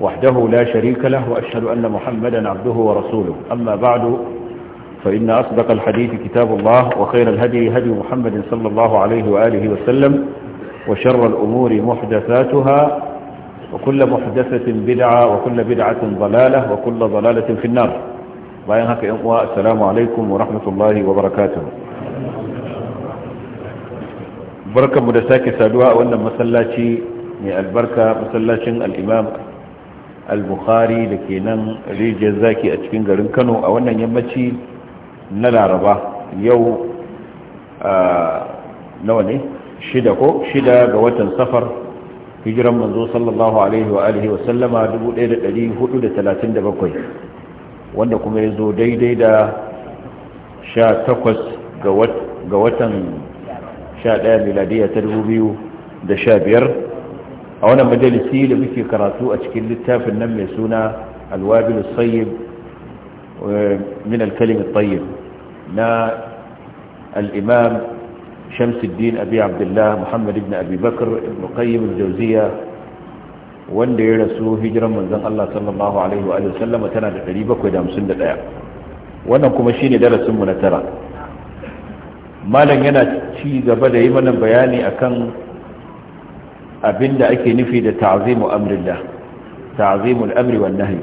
وحده لا شريك له وأشهد أن محمدا عبده ورسوله أما بعد فإن أصدق الحديث كتاب الله وخير الهدي هدي محمد صلى الله عليه وآله وسلم وشر الأمور محدثاتها وكل محدثة بدعة وكل بدعة ضلالة وكل ضلالة في النار باينهك إنقواء السلام عليكم ورحمة الله وبركاته بركة مدساك سادواء وأن مسلاتي من البركة مسلاتي الإمام al-bukhari da ke nan rijiyar zaki a cikin garin kano a wannan yammaci na laraba yau nawa ne shida ko shida ga watan safar hijiran manzo sallallahu alaihi wa alihi wa sallama 1437 wanda kuma ya zo daidai da 18 ga watan 11 miladiya ta 2015 a wannan majalisi da muke karatu a cikin littafin nan mai suna alwabil sayyib eh, min al-kalim at na al Shamsuddin Abi Abdullah Muhammad ibn Abi Bakr ibn Qayyim al wanda ya rasu hijiran manzon Allah sallallahu alaihi wa sallam tana da 751 wannan kuma shine darasin mu na tara malam yana ci gaba da yi mana bayani akan abinda ake nufi da ta'zimu amrillah ta'zimu amri wan nahy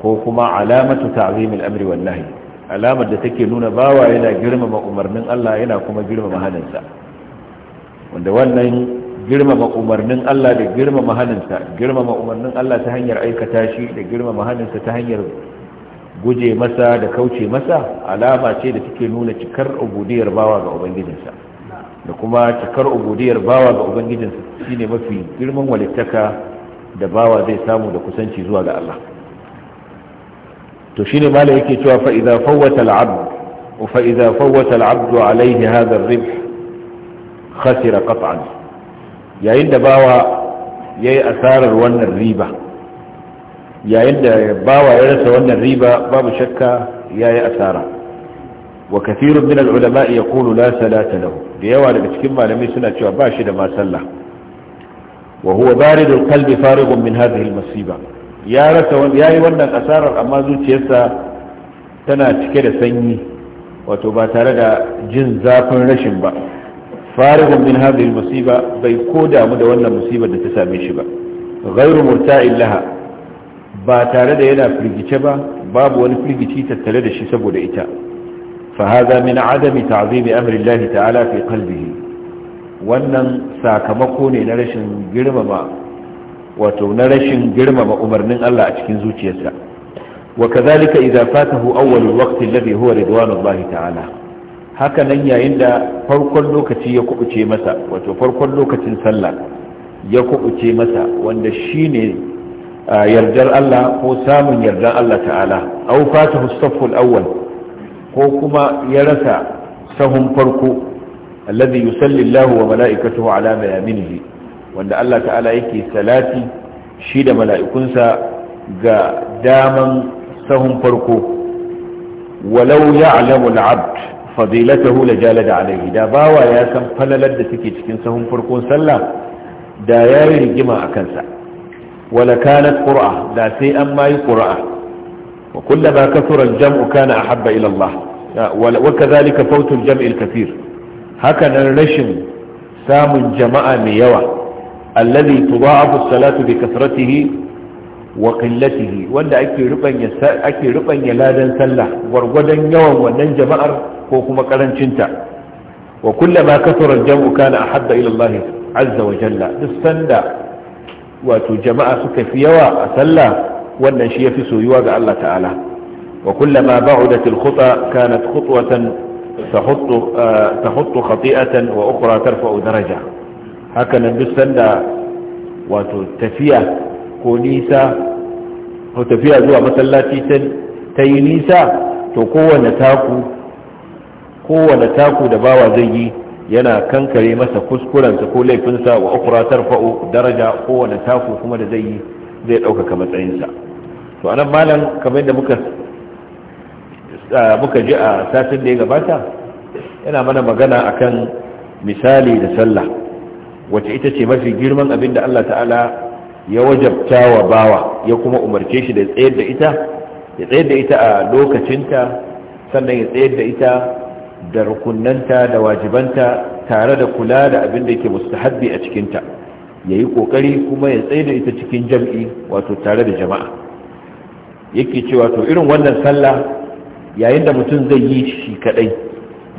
ko kuma alamatu ta'zimi al-amri wan nahy alamar da take nuna bawa yana girmama umarnin Allah yana kuma girmama haninsa wanda wannan girmama umarnin Allah da girmama haninsa girmama umarnin Allah ta hanyar aikata shi da girmama haninsa ta hanyar guje masa da kauce masa alama ce da take nuna cikar ubudiyar bawa ga ubangijinsa da kuma cikar ubudiyar bawa ga ubangijinsa shine mafi girman walittaka da bawa zai samu da kusanci zuwa ga Allah to shine malai yake cewa fa idza fawwata al-abd wa fa idza fawwata al-abd alayhi hadha ar-ribh khasira qat'an yayin da bawa yayi asarar wannan riba yayin da bawa ya rasa wannan riba babu shakka yayi asara wa kathirun min al-ulama yaqulu la salata lahu da yawa daga cikin malamai suna cewa ba shi da ma sallah wa huwa baridul qalbi farighun min hadhihi masiba ya yi wannan asarar amma zuciyarsa tana cike da sanyi wato ba tare da jin zafin rashin ba farighun min hadhihi al-masiba bai ko damu da wannan musibar da ta same shi ba ghairu murta laha ba tare da yana firgice ba babu wani firgici tattare da shi saboda ita فهذا من عدم تعظيم أمر الله تعالى في قلبه wannan sakamako ne na rashin girmama wato na rashin girmama umarnin Allah a cikin zuciyarsa wa kazalika idza fatahu awwalul waqti alladhi huwa ridwanullahi ta'ala haka nan yayin da farkon lokaci ya kubuce masa wato farkon lokacin sallah ya kubuce masa wanda shine a yardar Allah ko samun yardar Allah ta'ala aw fatahu as-safful ko kuma ya rasa sahun farko alladhi yusalli Allahu wa mala'ikatuhu ala mayaminihi wanda Allah ta'ala yake salati shi da mala'ikunsa ga daman sahun farko walau ya'lamu al-'abd fadilatahu lajalada alayhi da bawa ya san falalar da take cikin sahun farkon sallah da yayi rigima akan sa wala kanat qur'a da sai an mai qur'a وكلما كثر الجمع كان أحب إلى الله وكذلك فوت الجمع الكثير هكذا نرشم سام جماعة ميوى الذي تضاعف الصلاة بكثرته وقلته wanda ake rubanya ake ladan sallah gurgudan yawan wannan jama'ar ko kuma karancinta wa kullama kasara jamu kana ahabba ila Allah azza jalla duk sanda wato jama'a suka fi yawa a sallah wannan shi yafi soyuwa ga Allah ta'ala wa kullama ba'udat al-khuta kanat khutwatan tahuttu tahuttu khati'atan wa ukhra tarfa'u daraja haka nan duk sanda wato tafiya ko nisa ko tafiya zuwa masallaci ta yi nisa to kowanne taku kowanne taku da bawa zai yi yana kankare masa kuskurensa ko laifinsa wa ukhra tarfa'u daraja kowanne taku kuma da zai yi zai ɗaukaka matsayinsa to anan malam kamar yadda muka ji a satin da ya gabata yana mana magana akan misali da sallah wacce ita ce mafi girman abin da Allah ta'ala ya wajabta wa bawa ya kuma umarce shi da tsayar da ita ya tsayar da ita a lokacinta sannan ya tsayar da ita da rukunnanta da wajibanta tare da kula da abin da yake mustahabbi a cikinta ya yi ƙoƙari kuma ya tsaida ita cikin jam'i wato tare da jama'a yake cewa to irin wannan sallah yayin da mutum zai yi shi kadai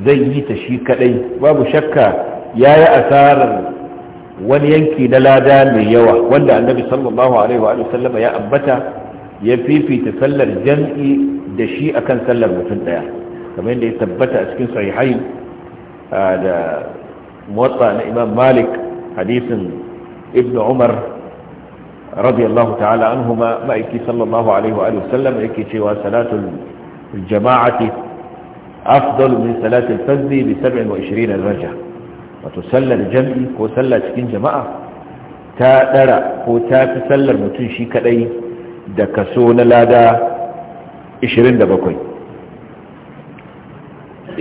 zai yi ta shi kadai babu shakka ya yi asarar wani yanki na lada mai yawa wanda annabi sallallahu alaihi wa sallama ya ambata ya fifita sallar jam'i da shi akan sallar mutum daya kamar yadda ya tabbata a cikin sahihain da motsa na imam malik hadisin ibn umar radiyallahu ta'ala an huma ma'aiki sallallahu alaihi wa sallam yake cewa salatul jama'ati afdal min salatul fajr bi 27 daraja wato sallar jami'i ko sallar cikin jama'a ta dara ko ta fi sallar mutum shi kadai da kaso na lada 27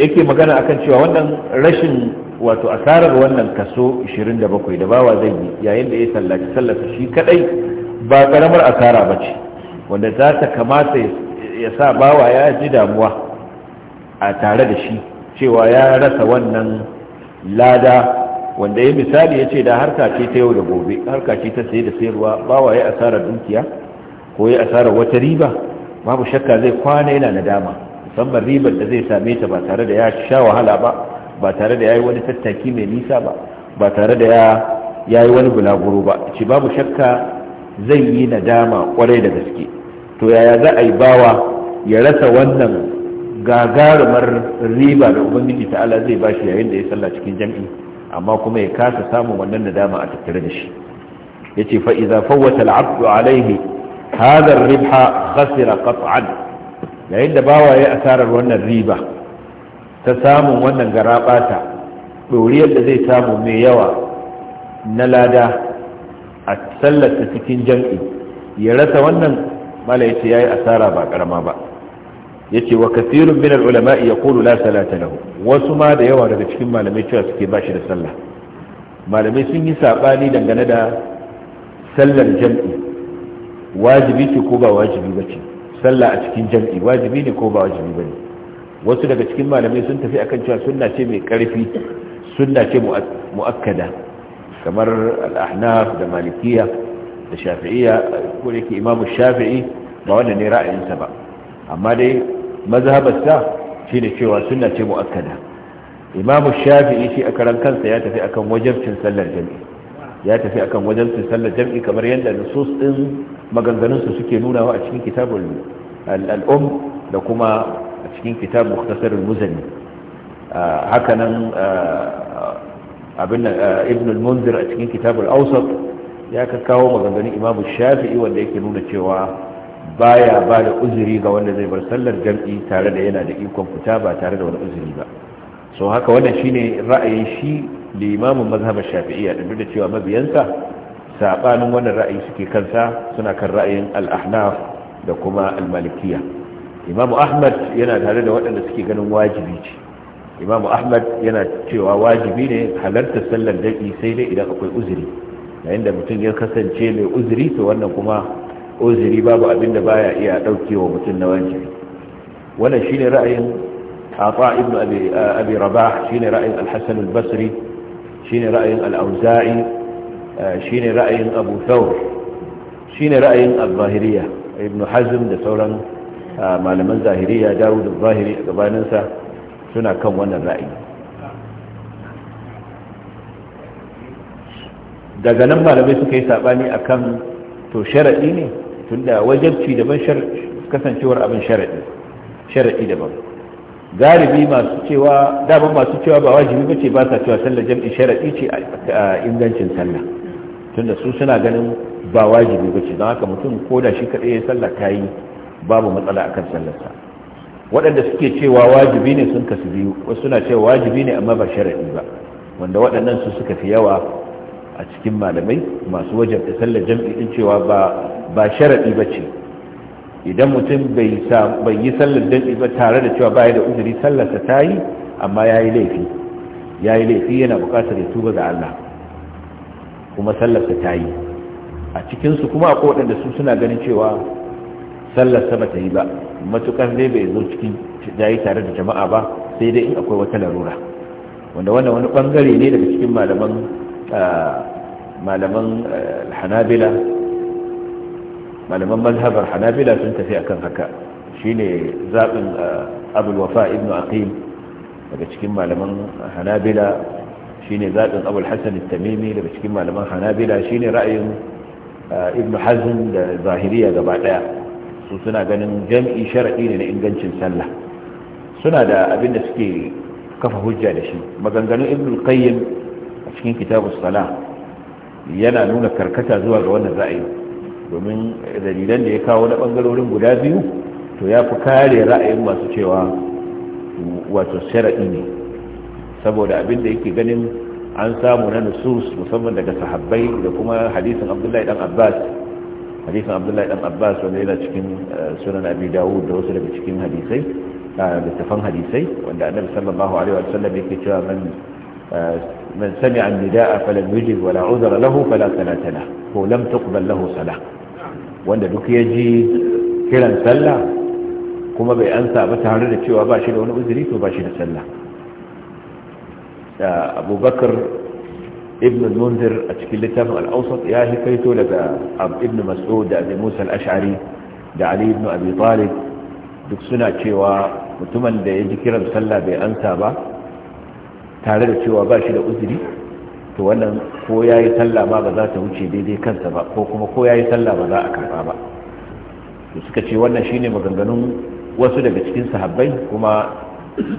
yake magana akan cewa wannan rashin wato asarar wannan kaso 27 da bawa zai yi yayin da ya sallaci sallarsa shi kadai ba karamar asara ba ce wanda za ta kamata ya sa bawa ya ji damuwa a tare da shi cewa ya rasa wannan lada wanda ya misali ya ce da harka ce ta yau da gobe harka ce ta saye da sayarwa bawa ya asarar dukiya ko ya asarar wata riba babu shakka zai kwana yana nadama musamman ribar da zai same ta ba tare da ya sha wahala ba ba tare da ya yi wani tattaki mai nisa ba ba tare da ya yi wani bulaguro ba ci babu shakka zai yi nadama kwarai da gaske to yaya za a yi bawa ya rasa wannan gagarumar riba da ubangiji ta'ala zai ba shi yayin da ya salla cikin jam'i amma kuma ya kasa samun wannan nadama a tattare da shi ya ce fa'iza fawwata al'abdu alaihi hadar ribha khasira qat'an yayin da bawa ya asarar wannan riba ta samun wannan garaɓata ɗoriyar da zai samu mai yawa na lada a sallarsa cikin jam'i ya rasa wannan malayaci ya yi asara ba ƙarama ba ya ce wa kasirun minar ulama'i ya kulu la salata lahu wasu ma da yawa daga cikin malamai cewa suke ba shi da sallah malamai sun yi saɓani dangane da sallar jam'i wajibi ce ko ba wajibi ba ce sallah a cikin jam'i wajibi ne ko ba wajibi ba ne wasu daga cikin malamai sun tafi akan cewa sunna ce mai karfi sunna ce muakkada kamar al-ahnaf da malikiya da shafi'iyya ko ke imam shafi'i ba wannan ne ra'ayinsa ba amma dai mazhabarsa ne cewa sunna ce muakkada imam shafi'i shi a karan kansa ya tafi akan wajibcin sallar jami'i ya tafi akan wajibcin sallar jami'i kamar yadda nusus din maganganunsa suke nunawa a cikin kitabul al da kuma cikin kitab al muzani ah, hakanan ah, abin ah, ibn al-munzir a cikin kitab al-awsat ya ka kawo maganganun imam shafi'i wanda yake nuna cewa baya ba da uzuri ga wanda zai bar sallar jam'i tare da yana da ikon fita ba tare da wani uzuri ba so haka wannan shine ra'ayin shi limamin mazhabar shafi'iyya da duk da cewa mabiyansa sabanin wannan ra'ayi suke kansa suna kan ra'ayin al-ahnaf da kuma al-malikiyya imamu ahmad yana tare da waɗanda suke ganin wajibi ce imamu ahmad yana cewa wajibi ne halartar sallar daɗi sai dai idan akwai uzuri yayin da mutum ya kasance mai uzuri to wannan kuma uzuri babu abin da baya iya ɗaukewa mutum na wajibi wannan shine ra'ayin ata ibn abi rabah shine ra'ayin al-hasan al-basri shine ra'ayin al-auza'i eh, shine ra'ayin abu thawr shine ra'ayin al-zahiriyya ibn hazm da sauran malaman zahiriya dawo da zahiri a gabaninsa suna kan wannan ra'ayi daga nan malamai suka yi saɓani a kan to sharaɗi ne tun da wajabci daban kasancewar abin sharaɗi sharaɗi daban galibi masu cewa daban masu cewa ba wajibi ba ce ba sa cewa sallar jam'i sharaɗi ce a ingancin sallah tun da su suna ganin ba wajibi ba ce don haka mutum ko da shi kaɗai ya sallah ta yi babu matsala akan sallarsa waɗanda suke cewa wajibi ne sun kasu biyu wasu suna cewa wajibi ne amma ba sharaɗi ba wanda waɗannan su suka fi yawa a cikin malamai masu wajabta sallar jam'i din cewa ba ba sharaɗi ba ce idan mutum bai yi sallar jam'i ba tare da cewa baya da uzuri sallarsa ta yi amma ya yi laifi ya yi laifi yana buƙatar ya tuba ga Allah kuma sallarsa ta yi a cikinsu kuma a waɗanda su suna ganin cewa sallar sama ta yi ba matukar dai bai zo cikin jayi tare da jama'a ba sai dai in akwai wata larura wanda wannan wani bangare ne daga cikin malaman malaman hanabila malaman mazhabar hanabila sun tafi akan haka shine zabin abul wafa ibn aqim daga cikin malaman hanabila shine zaɓin abul hassan tamimi daga cikin malaman hanabila shine ra'ayin ibn hazm da zahiriya gaba ɗaya su suna ganin jam'i sharaɗi ne na ingancin sallah suna da abin da suke kafa hujja da shi maganganun ibn qayyim a cikin kitabu salah yana nuna karkata zuwa ga wannan ra'ayi domin dalilan da ya kawo na bangarorin guda biyu to ya fi kare ra'ayin masu cewa wato sharaɗi ne saboda abin da yake ganin an samu na nusus musamman daga sahabbai da kuma hadisin abdullahi dan abbas hadisin abdullahi dan abbas wanda yana cikin eh, sunan abi dawud da wasu daga cikin hadisai littafan hadisai wanda annabi sallallahu alaihi wa yake cewa man eh, man sami'a an-nida'a falam yujib wala udhra lahu fala salata lah ko lam tuqbal lahu salah wanda duk ya ji kiran sallah kuma bai ansa ba tare da cewa ba shi da wani uzuri to ba shi da sallah abubakar ibn munzir a cikin littafin al ya shi kaito daga ibn mas'ud da abi musa al-ash'ari da ali ibn abi talib duk suna cewa mutumin da ya ji kiran sallah bai ansa ba tare da cewa ba shi da uzuri to wannan ko ya yi sallah ba ba za ta wuce daidai kansa ba ko kuma ko ya yi sallah ba za a karba ba to suka ce wannan shine maganganun wasu daga cikin sahabbai kuma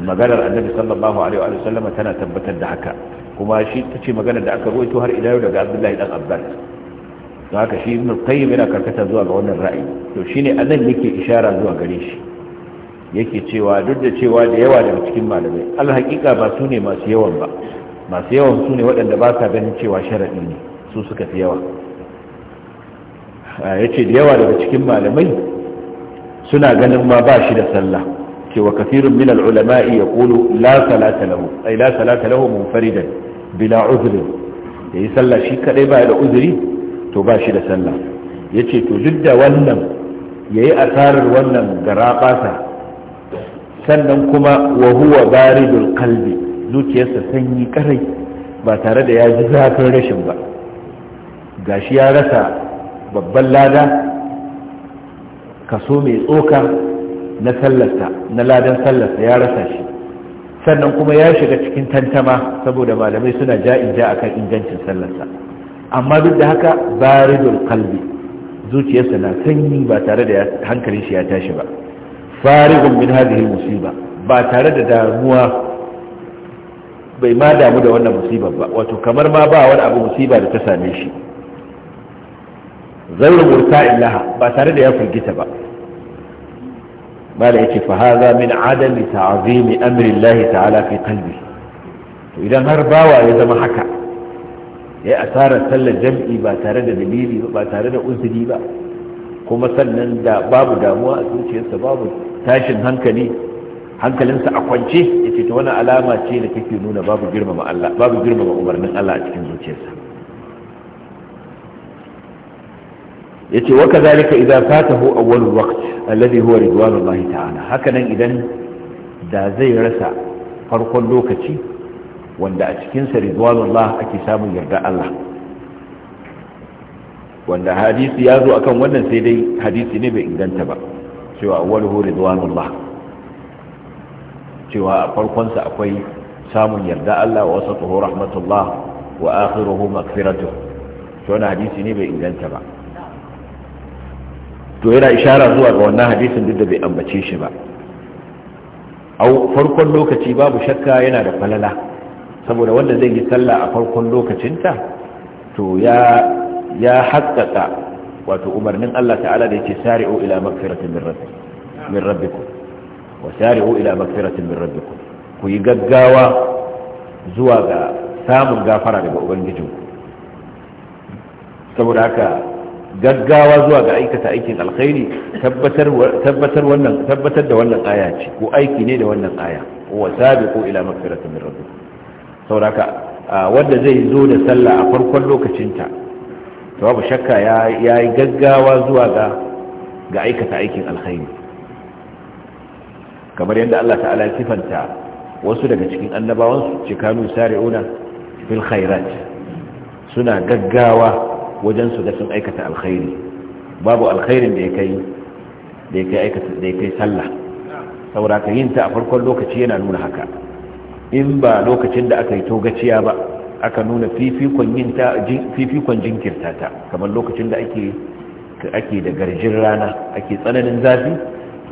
maganar annabi sallallahu alaihi wa sallama tana tabbatar da haka kuma shi ta ce magana da aka ruwaito har ila yau daga abdullahi dan abbas don haka shi ibn qayyim yana karkata zuwa ga wannan ra'ayi to shine anan yake ishara zuwa gare shi yake cewa duk da cewa da yawa daga cikin malamai Al haqiqa ba su ne masu yawan ba masu yawan su ne waɗanda ba sa ganin cewa sharadi ne su suka fi yawa yace da yawa daga cikin malamai suna ganin ma ba shi da sallah ce wa kafirun min al-ulama'i yaqulu la salata lahu munfaridan bila uzri yayi sallah shi kaɗai ba da uzuri to ba shi da sallah yace to duk da wannan yayi asarar wannan garaɓasa sannan kuma wa huwa baridul kalbi zuciyarsa sanyi karai ba tare da ya ji zafin rashin ba gashi ya rasa babban lada kaso mai tsoka na sallarsa na ladan sallarsa ya rasa shi sannan kuma ya shiga cikin tantama saboda malamai suna ja'in ja akan ingancin sallarsa amma duk da haka baridul kalbi zuciyarsa na sanyi ba tare da hankalin shi ya tashi ba farigun min hadhihi musiba ba tare da damuwa bai ma damu da wannan musibar ba wato kamar ma ba wani abu musiba da ta same shi zaurin murta illaha ba tare da ya firgita ba mala yake fahaza min adami ta azimi amirin lahi ta'ala fi kalbi idan har bawa ya zama haka ya yi asarar sallar jam'i ba tare da dalili ba tare da uzuri ba kuma sannan da babu damuwa a zuciyarsa babu tashin hankali hankalinsa a kwance ya ce wani alama ce da ke nuna babu girmama umarnin Allah a cikin zuciyarsa ya yace wa kadhalika idza fatahu awwalul waqt alladhi huwa ridwanullahi ta'ala hakanan idan da zai rasa farkon lokaci wanda a cikin sa ridwanullah ake samun yarda Allah wanda hadisi ya zo akan wannan sai dai hadisi ne bai inganta ba cewa awwaluhu ridwanullah cewa a farkon farkonsa akwai samun yarda Allah wa wasatuhu rahmatullah wa akhiruhu maghfiratuh to wannan hadisi ne bai inganta ba to yana ishara zuwa ga wannan hadisin duk da bai ambace shi ba a farkon lokaci babu shakka yana da falala saboda wanda zai yi sallah a farkon lokacinta to ya ya haƙƙaƙa wato umarnin Allah ta'ala da yake sari'u ila magfiratin min rabbikum min rabbikum wa sari'u ila magfiratin min rabbikum ku yi gaggawa zuwa ga samun gafara daga ubangijinku saboda haka gaggawa zuwa ga aikata aikin alkhairi tabbatar wannan tabbatar da wannan aya ce ko aiki ne da wannan aya wa sabiqu ila magfiratin min rabbikum sauraka wanda zai zo da sallah a farkon lokacinta to babu shakka ya yi gaggawa zuwa ga ga aikata aikin alkhairi kamar yadda Allah ta'ala ya sifanta wasu daga cikin annabawansu cikanu sari'una fil khairat suna gaggawa wajen su ga sun aikata alkhairi babu alkhairin da ya kai da ya kai sallah saboda ka yin ta a farkon lokaci yana nuna haka in ba lokacin da aka yi togaciya ba aka nuna fifikon yin ta fifikon jinkirta ta kamar lokacin da ake ake da garjin rana ake tsananin zafi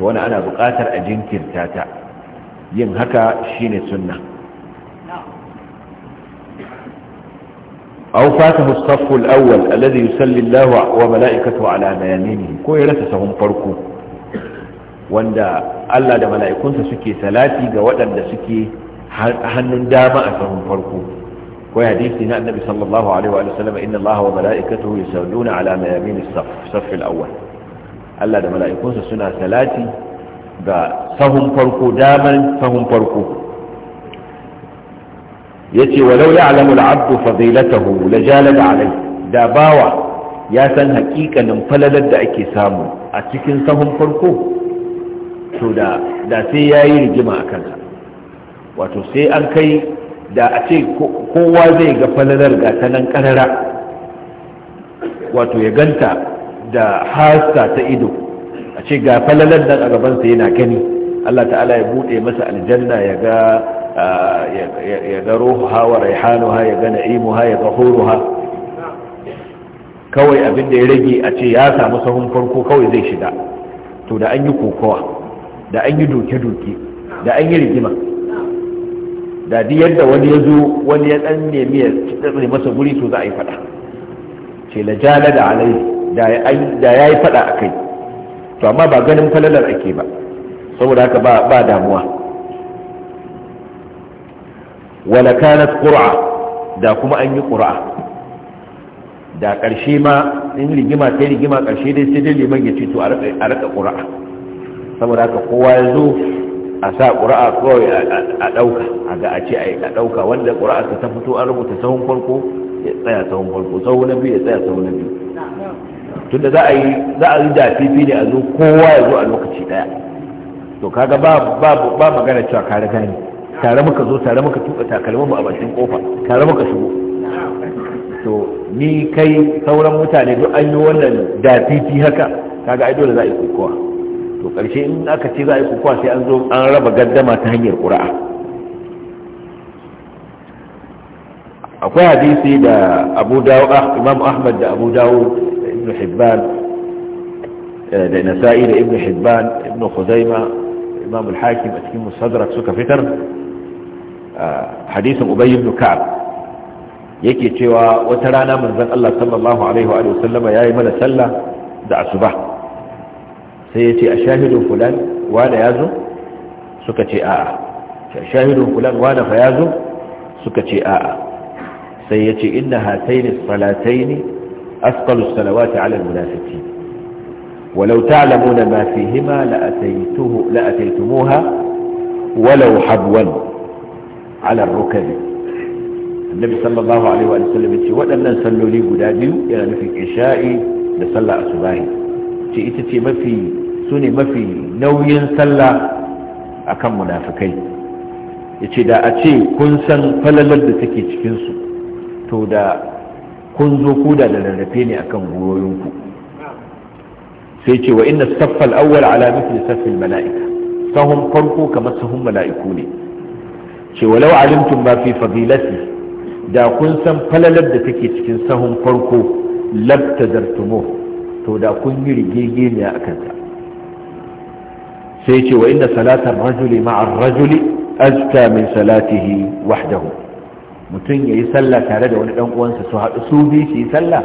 to wani ana buƙatar a jinkirta ta yin haka shine sunna أو فاته الصف الأول الذي يسلي الله وملائكته على ميامينه كو يرسسهم فرقو واندا ألا دا ملائكون سكي ثلاثي قوانا دا سكي هنن داما أسهم فرقو وحديثنا النبي صلى الله عليه وآله وسلم إن الله وملائكته يسلون على ميامين الصف الصف الأول ألا دا ملائكون سنة ثلاثي دا سهم فرقو داما سهم فرقو yace walau ya'lamu al-'abdu fadilatahu lajalaba alayhi da bawa ya san hakikanin falalar da ake samu a cikin sahun farko to da da sai yayi rigima a kansa wato sai an kai da a ce kowa zai ga falalar ga ta nan karara wato ya ganta da hasa ta ido a ce ga falalar nan a gabansa yana gani Allah ta'ala ya buɗe masa aljanna ya ga ya ga ruhuha wa ha ya ga ha ya ga ha kawai abin da ya rage a ce ya samu sahun farko kawai zai shiga to da an yi kokowa da an yi doke-doke da an yi rigima da di yadda wani ya zo wani ya dan nemi ya tsirrai masa guri to za a yi fada ce la jala da alai da ya yi fada a kai to amma ba ganin falalar ake ba saboda haka ba damuwa wala kanat qur'a da kuma an yi qur'a da ƙarshe ma in rigima ta rigima ƙarshe dai sai dai liman ya ce to a rika qur'a saboda haka kowa ya zo a sa qur'a kawai a dauka a ga a ce a dauka wanda qur'a ta fito an rubuta sahun farko ya tsaya sahun farko sahun na biyu ya tsaya sahun na biyu tunda za a yi za a yi fifi ne a zo kowa ya zo a lokaci daya to kaga ba ba ba magana cewa ka riga ne tare muka zo tare muka tuka takalmin mu a bakin kofa tare muka shigo to ni kai sauran mutane duk an yi wannan titi haka kaga ai dole za a yi kokowa to karshe in aka ce za a yi kokowa sai an zo an raba gaddama ta hanyar ƙura'a akwai hadisi da abu dawo imam ahmad da abu dawo ibn hibban eh, da nasa'i da ibn hibban ibn khuzaima imam al-hakim a cikin musadrak suka fitar hadisin ubayy ibn ka'ab yake cewa wata rana manzon Allah sallallahu alaihi wa sallama yi mana sallah da asuba sai yace ashahidun fulan wala yazo suka ce a'a shahidun fulan wala fa yazo suka ce a'a sai yace inna hatayn as salataini asqalu as-salawati 'ala al-munafiqin ولو تعلمون ما فيهما لأتيته walau ولو ala rukabi annabi sallallahu alaihi wa sallam ce waɗannan salloli guda biyu yana nufin isha'i da sallah asubahi ce ita ce mafi su ne mafi nauyin sallah akan munafikai yace da a ce kun san falalar da take cikin su to da kun zo kuda da rarrafe ne akan goyoyinku sai ce wa inna saffal awwal ala mithli mala'ika sahun farko kamar sahun mala'iku ne cewa lau alimtum ma fi fadilati da kun san falalar da take cikin sahun farko labta labtazartumu to da kun yi rigegeniya a kanta sai ce wa inna salatar rajuli ma'ar rajuli azka min salatihi wahdahu mutum ya yi sallah tare da wani dan uwansa su haɗu su bi su yi sallah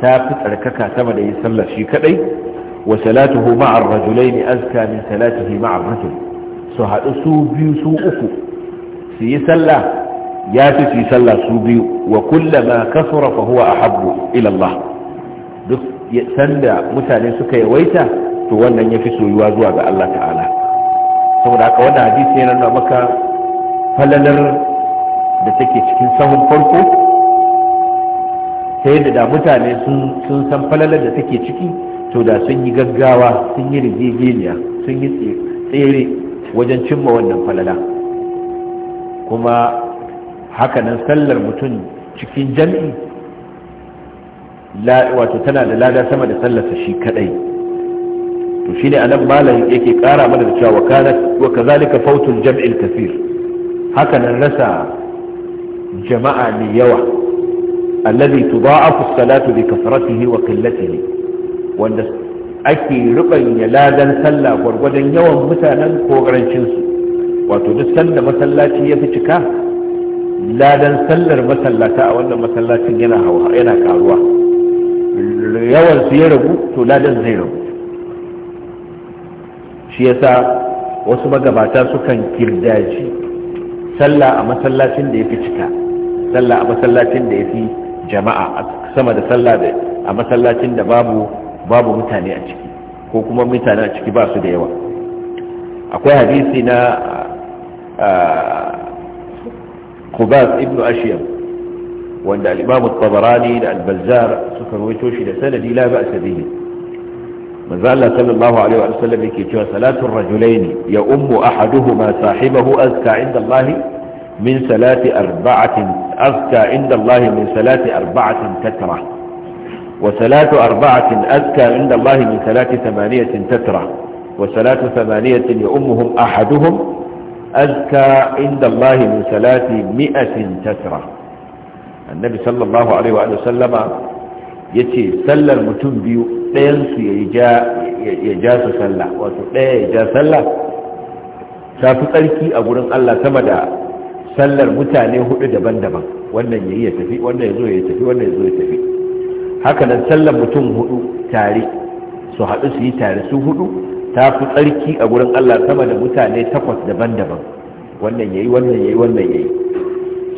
ta fi tsarkaka sama da yi sallah shi kadai wa salatuhu ma'ar ne azka min salatihi ma'ar rajuli su haɗu su biyu su uku su yi sallah ya fi su yi sallah su biyu wa ma kasura fa huwa ahabbu ila Allah duk sanda mutane suka yawaita to wannan ya fi soyuwa zuwa ga Allah ta'ala saboda haka wannan hadisi yana nuna maka falalar da take cikin sahun farko sai da mutane sun san falalar da take ciki to da sun yi gaggawa sun yi rigegeniya sun yi tsere wajen cimma wannan falala kuma hakanan sallar mutum cikin jami'i wato tana da lada sama da sallarsa shi kadai to shi ne anan malam yake kara mana da cewa wa kazalika fautul jam'il kafir hakanan rasa jama'a mai yawa alladhi tudha'afu as-salatu bi kasratihi wa qillatihi wanda ake rubanya ladan sallah gwargwadon yawan mutanen ko karancin su wato duk sanda masallaci ya fi cika ladan sallar masallata a wannan masallacin yana hawa yana karuwa yawan su ya ragu to ladan zai ragu shi yasa wasu magabata sukan kirdaji salla a masallacin da ya fi cika salla a masallacin da ya fi jama'a sama da sallah a masallacin da babu babu mutane a ciki ko kuma mutane a ciki ba su da yawa akwai hadisi na خباز آه، ابن أشيم وأن الإمام الطبراني البزار سكر ويتوشي لسندي لا بأس به من زال الله صلى الله عليه وسلم يكتوى ثلاث الرجلين يؤم أحدهما صاحبه أذكى عند الله من ثلاث أربعة أذكى عند الله من ثلاث أربعة تترى وثلاث أربعة أذكى عند الله من ثلاث ثمانية تترى وثلاث ثمانية يؤمهم أحدهم aska inda Allah min salati mi'atin tasra annabi sallallahu alaihi wa sallama yace sallar mutum biyu ɗayan su ya ja su sallah wato ɗaya ya ja sallah ta fi tsarki a wurin Allah sama da sallar mutane hudu daban-daban wannan yayi ya tafi wannan ya zo ya tafi wannan ya zo ya tafi sallar mutum hudu tare su haɗu su yi tare su hudu ta fi tsarki a gurin Allah sama da mutane takwas daban-daban wannan yayi wannan yayi wannan yayi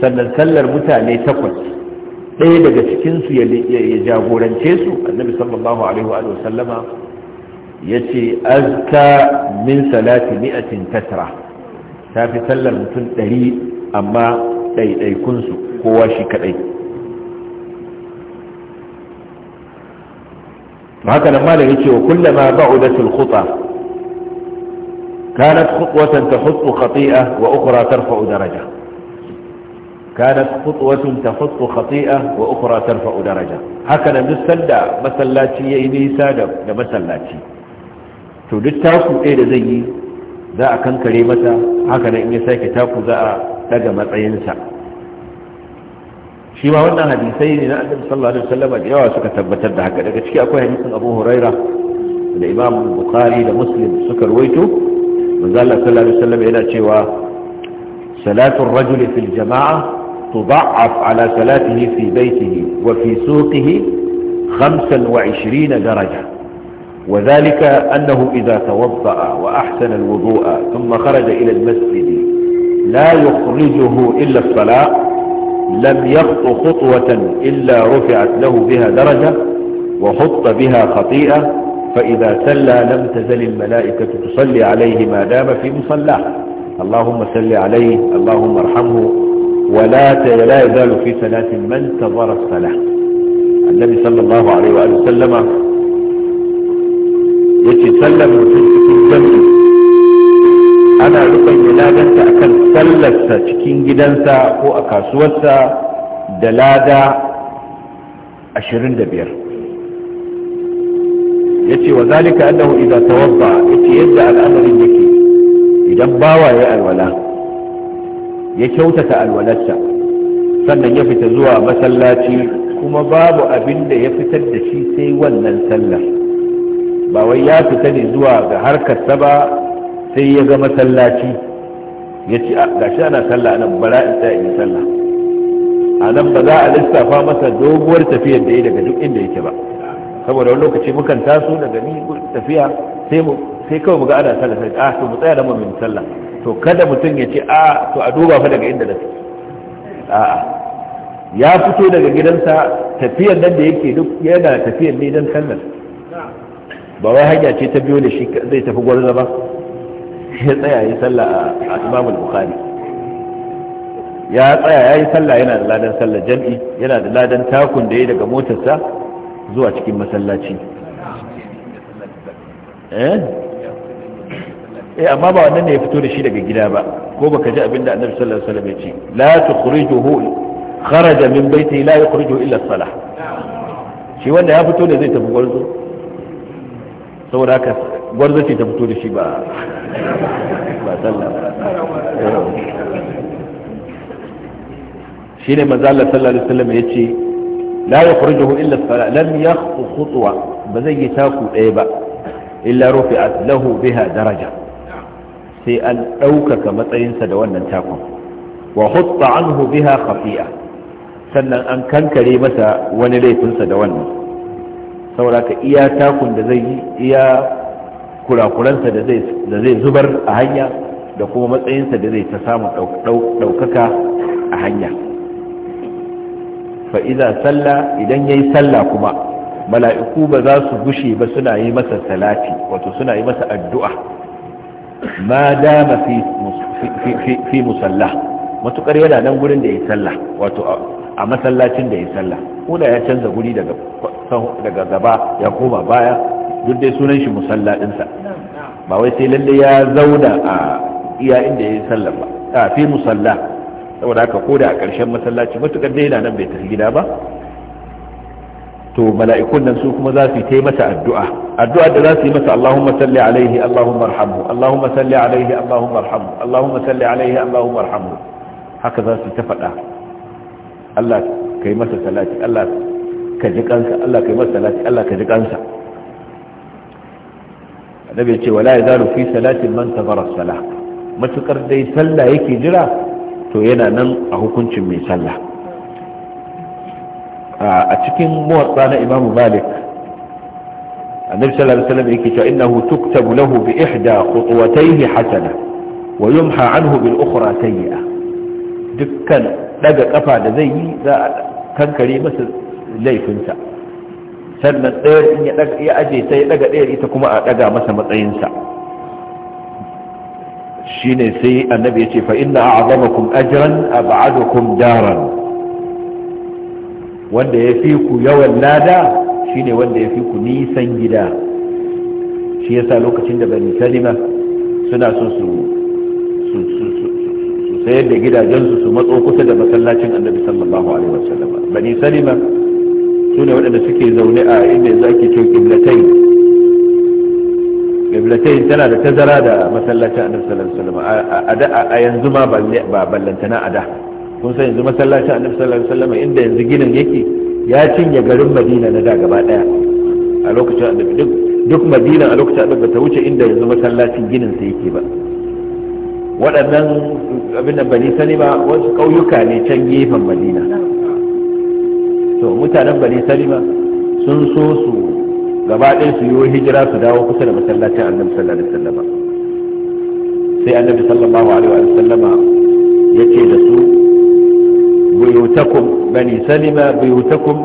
sannan sallar mutane takwas ɗaya daga cikinsu ya jagorance su annabi sallallahu alaihi wa sallama ya ce azka min salati mi'atin tasra ta fi sallar mutum ɗari amma ɗaiɗaikunsu kowa shi kaɗai haka nan malami ce wa kullama ba'udatul khuta kanat khutwatan tahuttu khati'a wa ukhra tarfa'u daraja kanat khutwatun tahuttu khati'a wa ukhra tarfa'u daraja haka nan duk sanda masallaci ya yi nisa da masallaci to duk taku ɗaya da zai yi za a kankare masa haka nan in ya sake taku za a daga matsayinsa shi ma wannan hadisai ne na annabi sallallahu alaihi wasallam da yawa suka tabbatar da haka daga ciki akwai hadisin Abu Huraira da Imam Bukhari da Muslim suka rawaito manzo Allah sallallahu alaihi wasallam yana cewa salatu ar-rajuli fil jama'a tudha'af ala salatihi fi baytihi wa fi suqihi 25 daraja وذلك أنه إذا توضأ وأحسن الوضوء ثم خرج إلى المسجد لا يخرجه إلا الصلاة لم يخطو خطوة إلا رفعت له بها درجة وحط بها خطيئة فإذا سلى لم تزل الملائكة تصلي عليه ما دام في مصلاه اللهم سل عليه اللهم ارحمه ولا لا يزال في صلاة من انتظر الصلاة النبي صلى الله عليه وآله وسلم يتسلم وتنسك الجمع ana rufin ladanta kan sallarsa cikin gidansa ko a kasuwarsa da lada 25 ya ce wa zalika annahu idza tawadda yace yadda al'amarin yake idan bawa ya alwala ya kyautata alwalarsa sannan ya fita zuwa masallaci kuma babu abin da ya fitar da shi sai wannan sallar ba wai ya fita ne zuwa ga harkarsa ba sai ya ga masallaci ya ce ah, gashi ana sallah nan bara in sa in sallah a nan ba za a lissafa masa doguwar tafiyar da ya daga duk inda yake ba saboda wani lokaci mukan taso daga ni tafiya sai mu sai kawai mu ga ana sallah sai a ah, to mu tsaya da mu min sallah to kada mutum ya ce a ah, to a duba fa daga inda nake a'a ya fito daga gidansa tafiyar nan da yake duk yana tafiyar ne dan sallar ba wai hanya ce ta biyo da shi zai tafi gwarza ba ya tsaya yi sallah a imamul bukhari ya tsaya ya yi sallah yana da ladan sallah jam'i yana da ladan takun da ya daga motarsa zuwa cikin masallaci eh? eh amma ba wannan ne ya fito da shi daga gida ba ko ka ji abinda annabi sallallahu alaihi wasallam ya ce la tukhrijuhu kharaja min baiti la yukhrijuhu illa as-salah shi wanda ya fito da zai tafi gwarzo saboda haka gwarzo ce ta fito da shi ba ba sallah shi ne manzo Allah sallallahu alaihi wasallam ya ce la yakhrujuhu illa as-salat lam yakhu khutwa ba zai yi taku ɗaya ba illa rufi rufi'at lahu biha daraja sai an ɗaukaka matsayinsa da wannan takon wa an hu biha khafiya sannan an kankare masa wani laifinsa da wannan saboda ka iya takun da zai yi iya kurakuransa da zai zubar a hanya da kuma matsayinsa da zai ta samu ɗaukaka a hanya fa'iza salla idan ya yi salla kuma mala'iku ba za su gushe ba suna yi masa salati wato suna yi masa addu'a ma dama fi musalla matukar yana nan gurin da ya salla wato a masallacin da ya salla ko da ya canza guri daga gaba ya koma baya duk dai sunan shi musalla ɗinsa ba wai sai lalle ya zauna a iya inda ya yi sallar ba a fi musalla saboda haka ko da a ƙarshen masallaci matuƙar daina nan bai tafi gida ba to mala'ikun nan su kuma za su yi masa addu'a addu'a da za su yi masa Allahumma salli alaihi Allahumma arhamhu Allahumma salli alaihi Allahumma arhamhu Allahumma salli alaihi Allahumma arhamhu haka za su ta faɗa Allah kai masa salati Allah ka ji kansa Allah kai masa salati Allah ka ji kansa annabi ce wala ya zalu fi salatin man tabara matukar dai sallah yake jira to yana nan a hukuncin mai sallah a cikin muwatsa na imamu malik annabi sallallahu alaihi wasallam yake cewa innahu tuktabu lahu bi ihda khutwatayhi hasana wa yumha anhu bil ukhra sayyi'a dukkan daga kafa da zai yi za a kankare masa laifinsa sannan ɗayar in ya aje ta ya ɗaga ɗayar ita kuma a ɗaga masa matsayinsa shi ne sai annabi ya ce a na kum ajiran a ba'adukum daran wanda ya fi ku yawan lada shi ne wanda ya fi ku nisan gida shi sa lokacin da bani salima suna so su sayar da gidajensu su matso kusa da masallacin annabi sallallahu alaihi wasallam bani salima su ne waɗanda suke zaune a inda za ki ce ƙiblatai ƙiblatai tana da tazara da masallacin annabi sallallahu alaihi wasallam a yanzu ma ba ballantana a da kun san yanzu masallacin annabi sallallahu alaihi wasallam inda yanzu ginin yake ya cinye garin madina na da gaba daya a lokacin annabi duk duk madina a lokacin annabi ta wuce inda yanzu masallacin ginin sa yake ba waɗannan abin da bani sani ba wasu ƙauyuka ne can gefen madina to mutanen bani salima sun so su gaba ɗaya su yi hijira su dawo kusa da masallacin annabi sallallahu alaihi wasallam sai annabi sallallahu alaihi wasallam ya ce da su buyutakum bani salima buyutakum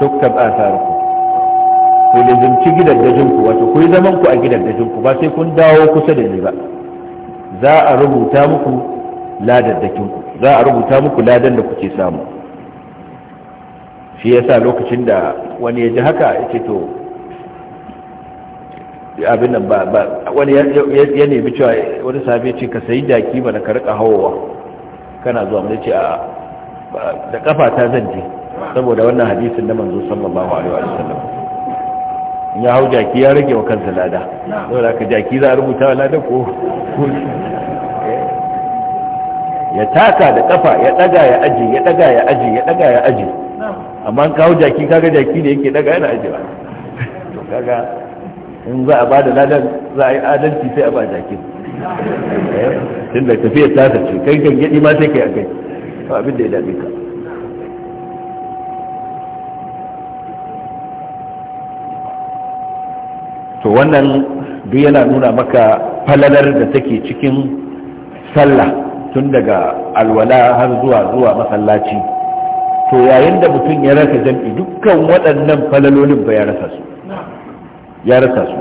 tuktab atharukum ku lazimci ku wato ku yi zaman ku a gidan ku ba sai kun dawo kusa da ni ba za a rubuta muku ladaddakinku za a rubuta muku ladan da kuke samu shi yasa lokacin da wani ya ji haka ya ce to abin nan ba wani ya nemi cewa wani ya ce ka sayi jaki ba na karka rika hawowa kana zuwa mai ce a da kafa ta zan je saboda wannan hadisin na manzo sallallahu ba wa sallam ya hau jaki ya rage wa kansa lada saboda ka jaki za a rubuta wa lada ko ya taka da kafa ya daga ya aji ya daga ya aji ya daga ya aji amma kawo jaki kaga jaki ne yake daga yana ajiya to kaga in za a bada ladan za a yi adalci sai a ba jakin eh, tun da tafiya ta ce kai kan gyaɗi ma sai kai a kai to abin da ya dame ka to wannan duk yana nuna maka falalar da take cikin sallah tun daga alwala har zuwa zuwa masallaci to yayin da mutum ya rasa jam'i dukkan waɗannan falalolin ba ya rasa su ya rasa su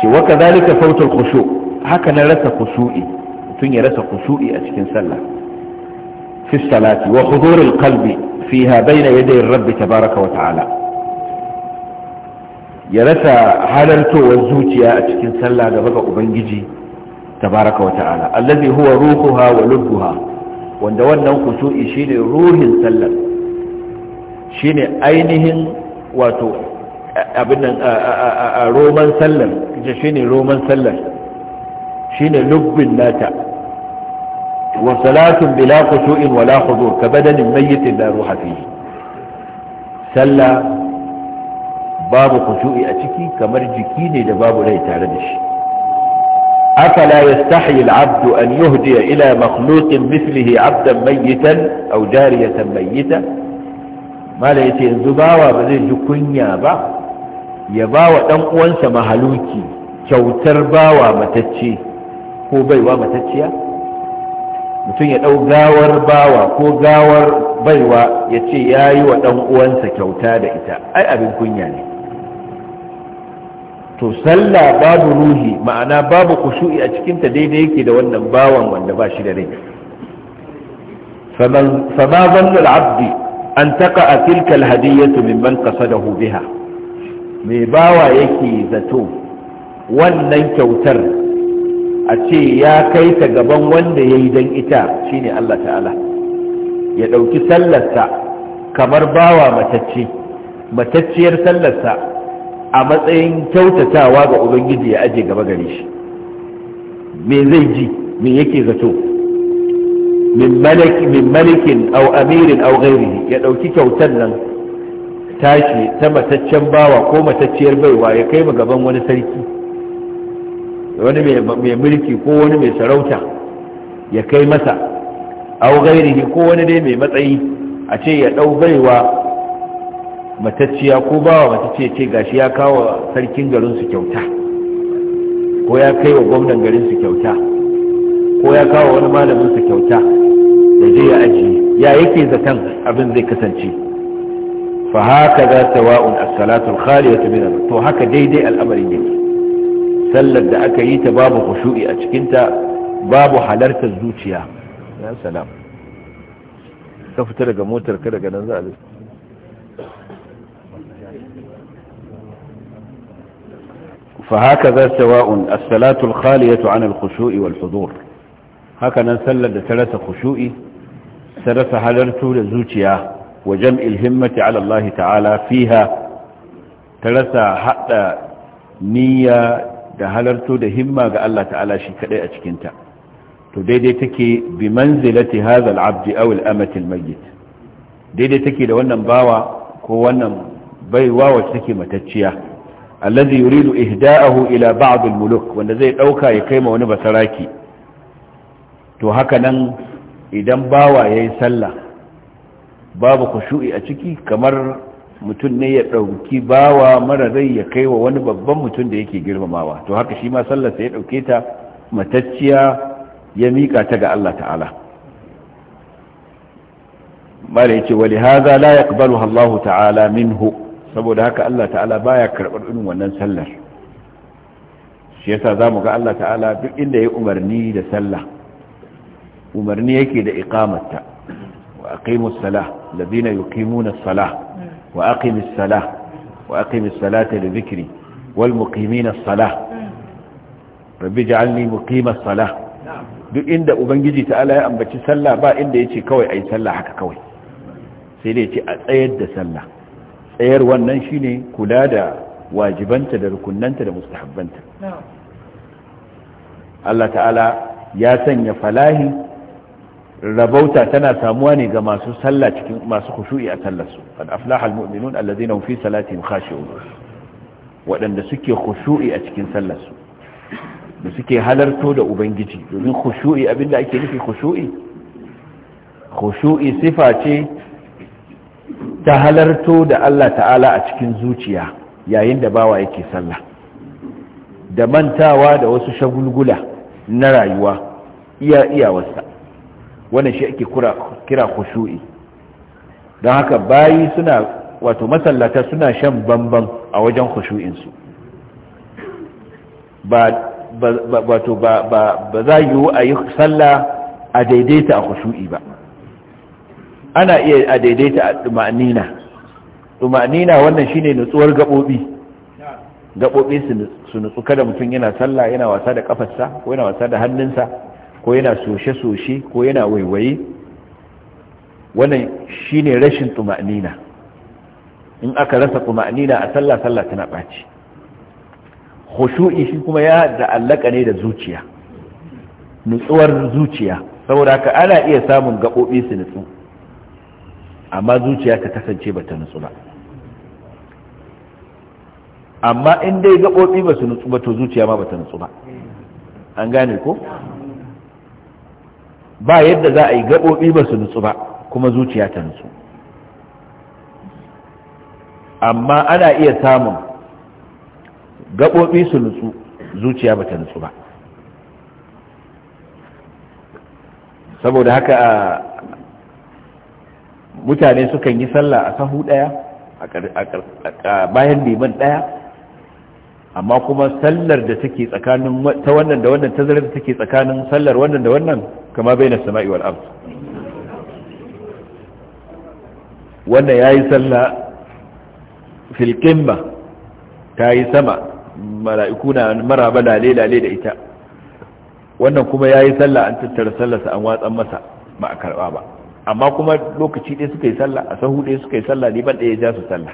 ce wa kazalika fautul kusho haka na rasa khushu'i mutum ya rasa kusu'i a cikin sallah fi salati wa hudurul qalbi fiha bayna yaday rabbi tabaraka wa ta'ala ya rasa halartowar zuciya a cikin sallah gaba ga ubangiji tabaraka wa ta'ala allazi huwa ruhuha wa lubbuha wanda wannan kusuri shine ruhin sallar shine ainihin wato abin nan a roman sallar shine roman sallar shine lubbin nata wa salatun bila kusurin wala hudur ka badanin mayyitin la ruha fihi sallah babu kusuri a ciki kamar jiki ne da babu rai tare da shi أفلا يستحي العبد أن يهدي إلى مخلوق مثله عبدا ميتا أو جارية ميتة ما لا يتنزباوا بذي ba با يباوا تنقوان سمهلوكي kyautar bawa matacce ko baiwa matacciya mutum ya ɗau gawar bawa ko gawar baiwa ya ce ya yi wa ɗan uwansa kyauta da ita ai abin kunya ne to sallah babu ruhi ma'ana babu kushu'i a cikinta daidai yake da wannan bawan wanda ba shi da rai fama zannu al'abdi an taka a tilkal hadiyyatu mimman qasadahu biha mai bawa yake zato wannan kyautar a ce ya kai ta gaban wanda ya yi dan ita shine Allah ta'ala ya ɗauki sallarsa kamar bawa matacce matacciyar sallarsa a matsayin kyautatawa ga ubangiji ya aje gaba gare shi me zai ji me yake zato min malikin au amirin au gairi ya ɗauki kyautar nan tashi ta mataccen bawa ko matacciyar baiwa ya kai mu gaban wani sarki wani mai mulki ko wani mai sarauta ya kai masa au gairi ko wani dai mai matsayi a ce ya ɗau baiwa matacciya ko bawa matacciya ce gashi ya kawo sarkin garin su kyauta ko ya kai wa gwamnan garin su kyauta ko ya kawo wani malamin su kyauta da je ya ajiye ya yake zaton abin zai kasance fa haka za ta wa'un as-salatu khaliyatu min to haka daidai al'amarin yake sallar da aka yi ta babu khushu'i a cikinta babu halartar zuciya ya salam ka fita daga motar ka daga nan za a فهكذا سواء الصلاة الخالية عن الخشوع والحضور هكذا سلد ثلاث خشوع ثلاث حلرت لزوجيا وجمع الهمة على الله تعالى فيها ثلاث حتى نية da halarto da himma ga Allah ta'ala shi kadai a cikinta to daidai take bi manzilati hadha al-abd aw al daidai take da wannan bawa ko wannan baiwa wacce take matacciya alladhi yuridu ihda'ahu ila ba'd al-muluk wanda zai dauka ya kai ma wani basaraki to haka nan idan bawa yayin sallah babu khushu'i a ciki kamar mutum ne ya dauki bawa mara rai ya kai wa wani babban mutum da yake girmamawa to haka shi ma sallar sa ya dauke ta matacciya ya mika ta ga Allah ta'ala mala yace wali haza hadha la yaqbaluha Allah ta'ala minhu saboda haka Allah ta'ala baya karɓar irin wannan sallar shi yasa zamu ga Allah ta'ala duk inda ya umarni da sallah umarni yake da iqamata wa aqimus salah ladina yuqimuna salah wa aqimis salah wa aqimis salata li dhikri wal muqimina salah rabbi ja'alni muqimas salah duk inda ubangiji ta'ala ya ambaci sallah ba inda yace kawai ai sallah haka kawai sai dai ce a tsayar da sallah tsayar wannan shine kula da wajibanta da rukunnanta da mustahabbanta Allah ta'ala ya sanya falahi rabauta tana samuwa ne ga masu salla cikin masu khushu'i a sallarsu qad aflaha almu'minun alladhina hum fi salatihim khashi'un waɗanda suke khushu'i a cikin sallarsu da suke halarto da ubangiji domin khushu'i abinda ake nufi khushu'i khushu'i sifa ce ta halarto da Allah ta'ala a cikin zuciya yayin da bawa yake sallah da mantawa da wasu shagulgula na rayuwa iya wasa wannan shi ake kira khushu'i don haka bayi suna wato masallata suna shan bambam a wajen khushu'insu ba ba za yiwu a yi sallah a daidaita a khushu'i ba ana iya a daidaita a tumanina tumanina wannan shine nutsuwar gabobi gabobi su nutsu kada mutum yana sallah yana wasa da kafarsa ko yana wasa da hannunsa ko yana soshe-soshe ko yana waiwaye wannan shine rashin tumanina in aka rasa tumanina a sallah sallah tana ɓaci khushu'i shi kuma ya da'allaka ne da zuciya nutsuwar zuciya saboda haka ana iya samun gabobi su nutsu amma zuciya ta kasance ba ta nutsu ba amma in dai gaɓoɓi ba su nutsu ba to zuciya ma ba ta nutsu ba an gane ko ba yadda za a yi gaɓoɓi ba su nutsu ba kuma zuciya ta nutsu amma ana iya samun gaɓoɓi su nutsu zuciya ba ta nutsu ba saboda haka a mutane sukan yi sallah a sahu ɗaya bayan liman ɗaya amma kuma sallar da take tsakanin ta wannan da wannan tazarar da take tsakanin sallar wannan da wannan kama bai na sama'i wal ard wannan yayi sallah fil qimma ta yi sama mala'iku na maraba lale lale da ita wannan kuma yayi sallah an tattara sallarsa an watsan masa ba a karba ba amma kuma lokaci ɗaya suka yi sallah a sahu ɗaya suka yi sallah ban ɗaya ya ja su sallah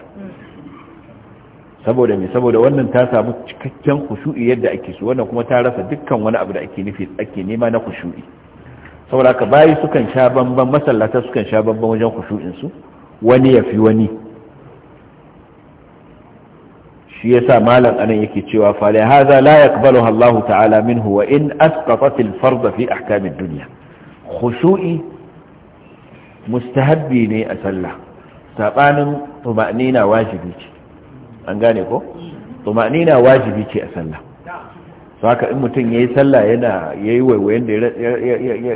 saboda me saboda wannan ta samu cikakken kushu'i yadda ake so wannan kuma ta rasa dukkan wani abu da ake nufi ake nema na kushu'i saboda haka bayi sukan sha bamban masallata sukan sha bamban wajen khushu'in su wani yafi wani shi yasa malam anan yake cewa fa la hadha la yaqbaluha Allah ta'ala minhu wa in asqata al-fardha fi ahkam ad-dunya khushu'i mustahabbi ne a sallah sabanin na wajibi ce an gane ko na wajibi ce a sallah so haka in mutum yayi sallah yana yayi waiwayen da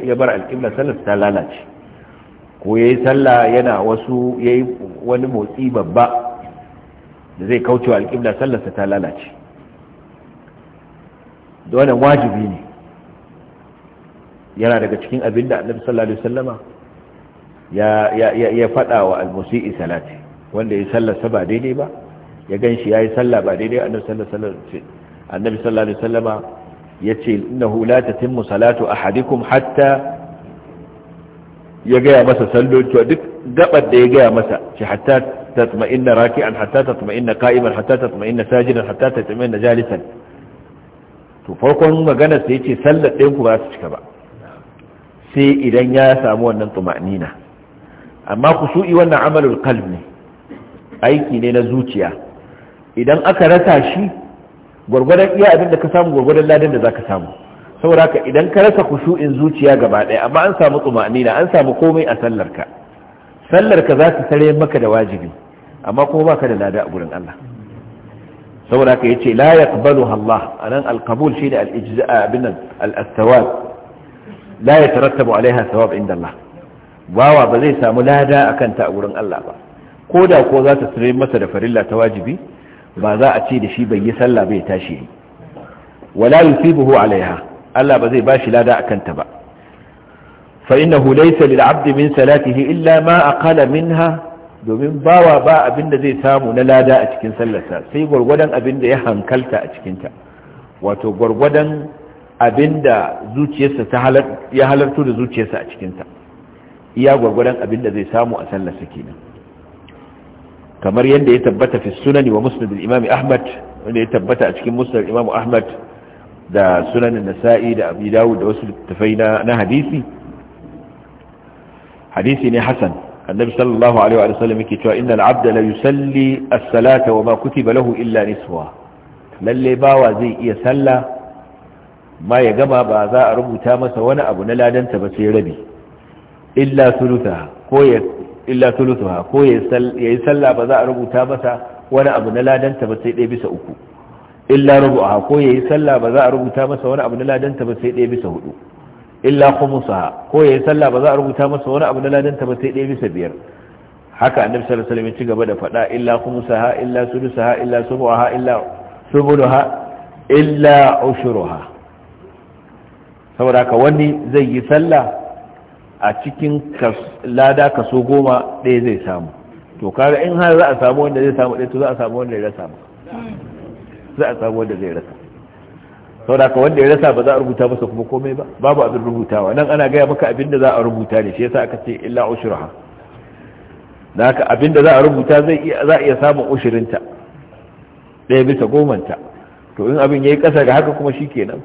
ya bar alƙibla sallar ta lalace ko yayi sallah yana wasu yayi wani motsi babba da zai kauce wa alƙibla sallar ta lalace da wajibi ne yana daga cikin abin da annabi sallallahu alaihi wasallama ya ya ya fada wa almusi'i salati wanda ya sallarsa ba daidai ba ya ganshi yayi sallah ba daidai annabi sallallahu alaihi annabi ya ce wasallama yace innahu la tatimmu salatu ahadikum hatta ya gaya masa sallon to duk gabar da ya gaya masa ci hatta tatma'inna raki'an hatta tatma'inna qa'iman hatta tatma'inna sajidan hatta tatma'inna jalisan to farkon magana sai ce sallar ɗayan ku ba su cika ba sai idan ya samu wannan tumanina amma kusu'i wannan amalul qalb ne aiki ne na zuciya idan aka rasa shi gwargwadon iya abin da ka samu gwargwadon ladan da zaka samu saboda idan ka rasa kusu'in zuciya gaba ɗaya amma an samu tsumanina an samu komai a sallarka sallarka za ta sare maka da wajibi amma kuma baka da lada a gurin Allah saboda haka yace la yaqbaluha Allah anan al-qabul shine al-ijza' bin al-thawab la yatarattabu alaiha thawab inda Allah bawa ba zai samu lada a kanta a wurin Allah ba ko da ko za ta tsire masa da farilla ta wajibi ba za a ce da shi bai yi sallah bai tashi yi wala yusibuhu alaiha Allah ba zai bashi lada a kanta ba fa innahu laysa lil abdi min salatihi illa ma aqala minha domin bawa ba abin da zai samu na lada a cikin sallarsa sai gwargwadon abin da ya hankalta a cikinta wato gwargwadon abin da ya halartu da zuciyarsa a cikinta iya gwargwadon abin da zai samu a sallar sa kenan kamar yadda ya tabbata fi sunani wa musnad al-imam ahmad wanda ya tabbata a cikin musnad al-imam ahmad da sunan nasa'i da abi dawud da wasu tafai na hadisi hadisi ne hasan annabi sallallahu alaihi wa sallam yake cewa innal abda la yusalli as-salata wa ma kutiba lahu illa niswa lalle bawa zai iya sallah ma ya gama ba za a rubuta masa wani abu na ladanta ba sai rabi illa sulusaha ko ya yi sallah ba za a rubuta masa wani abu na ladanta ba sai ɗaya bisa uku illa rubu'aha ko ya yi sallah ba za a rubuta masa wani abu na ladanta ba sai ɗaya bisa hudu illa khumusaha ko ya yi sallah ba za a rubuta masa wani abu na ladanta ba sai ɗaya bisa biyar haka annabi sallallahu alaihi wasallam ya ci gaba da faɗa illa khumusaha illa sulusaha illa subu'aha illa subunaha illa ushuruha saboda haka wani zai yi sallah a cikin lada kaso goma ɗaya zai samu to kaga in har za a samu wanda zai samu ɗaya to za a samu wanda ya rasa ba za a samu wanda zai rasa sau da wanda ya rasa ba za a rubuta masa kuma komai ba babu abin rubutawa nan ana gaya maka abin da za a rubuta ne shi yasa aka ce illa ushurha da haka abin da za a rubuta zai iya za a iya samun ushirinta ɗaya bisa gomanta to in abin ya yi ƙasa ga haka kuma shikenan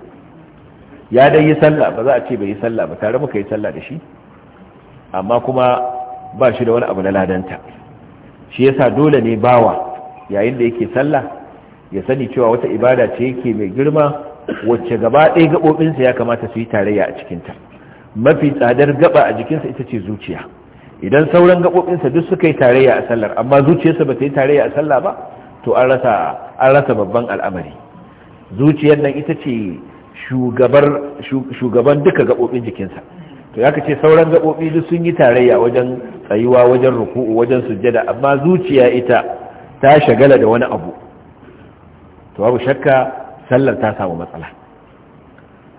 ya dai yi sallah ba za a ce bai yi sallah ba tare muka yi sallah da shi amma kuma ba shi da wani abu na ladanta shi yasa dole ne bawa yayin da yake sallah ya sani cewa wata ibada ce yake mai girma wacce gaba ɗaya gaɓoɓinsa ya kamata su yi tarayya a cikinta mafi tsadar gaba a jikinsa ita ce zuciya idan sauran gaɓoɓinsa duk suka yi tarayya a sallar amma zuciyarsa ba ta yi tarayya a sallah ba to an rasa babban al'amari zuciyar nan ita ce shugaban duka gaɓoɓin jikinsa to ya ka ce sauran gaɓoɓi duk sun yi tarayya wajen tsayuwa wajen ruku'u wajen sujjada amma zuciya ita ta shagala da wani abu to babu shakka sallar ta samu matsala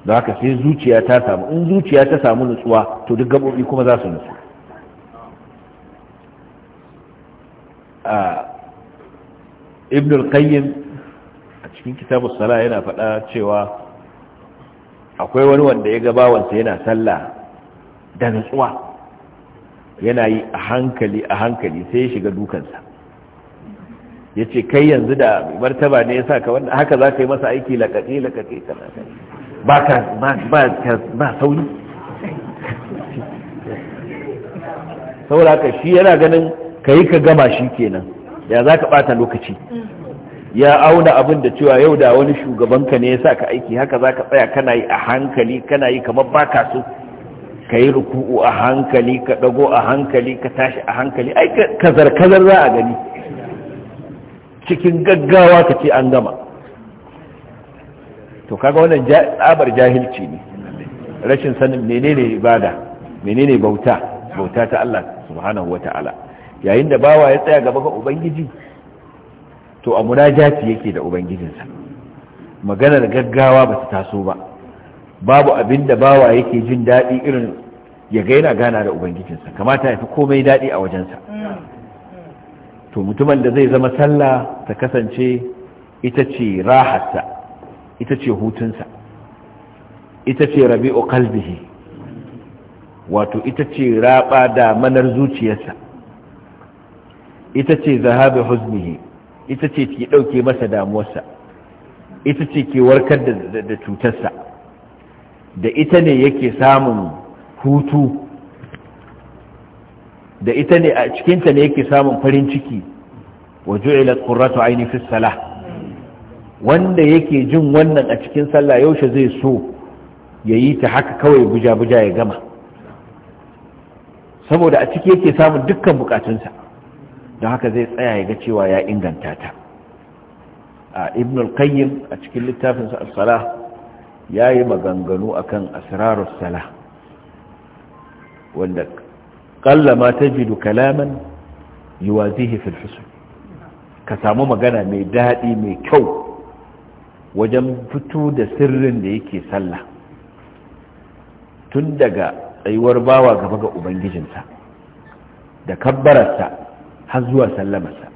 da haka sai zuciya ta samu in zuciya ta samu nutsuwa to duk gaɓoɓi kuma za su nutsu ibn al-qayyim a cikin kitabus sala yana faɗa cewa akwai wani wanda ya gabawansa yana sallah da nutsuwa yana yi a hankali a hankali sai ya shiga dukansa ya ce kai yanzu da martaba ne ya sa ka wanda haka za ka yi masa aiki lakaƙe lakaƙe ba sauri haka shi yana ganin ka yi ka gama shi kenan ya za ka ɓata lokaci ya auna abin da cewa yau da wani shugaban ka ne ya sa ka aiki haka za ka tsaya kana yi a hankali kana yi kamar ba ka so ka yi ruku'u a hankali ka ɗago a hankali ka tashi a hankali ai kazar-kazar za a gani cikin gaggawa ka ce an gama to kaga wannan tsabar jahilci ne rashin sanin menene ibada menene bauta bauta ta Allah subhanahu wata'ala yayin da bawa ya tsaya gaba ga ubangiji to a munajati yake da ubangijinsa maganar gaggawa ba ta taso ba babu abin da bawa yake jin daɗi irin ya gaina gana da ubangijinsa kamata ya fi komai daɗi a wajensa to mutumin da zai zama sallah ta kasance ita ce rahatta ita ce hutunsa ita ce rabi'u kalbihi, wato ita ce raɓa da manar zuciyarsa ita ce zahabi huznihi ita ce ke ɗauke masa damuwarsa ita ce ke warkar da cutarsa da ita ne yake samun hutu da ita ne a cikinta ne yake samun farin ciki wa ju'ilat qurratu aini fi salah wanda yake jin wannan a cikin sallah yaushe zai so yayi ta haka kawai buja-buja ya gama saboda a ciki yake samun dukkan bukatunsa don haka zai tsaya ya ga cewa ya inganta ta a ibn al-qayyim a cikin littafinsa as-salah yayi maganganu akan asrarus salah wanda qalla ma tajidu kalaman yuwazihi fil husn ka samu magana mai dadi mai kyau wajen fito da sirrin da yake sallah tun daga tsayuwar bawa gaba ga ubangijinsa da kabbararsa har zuwa sallamarsa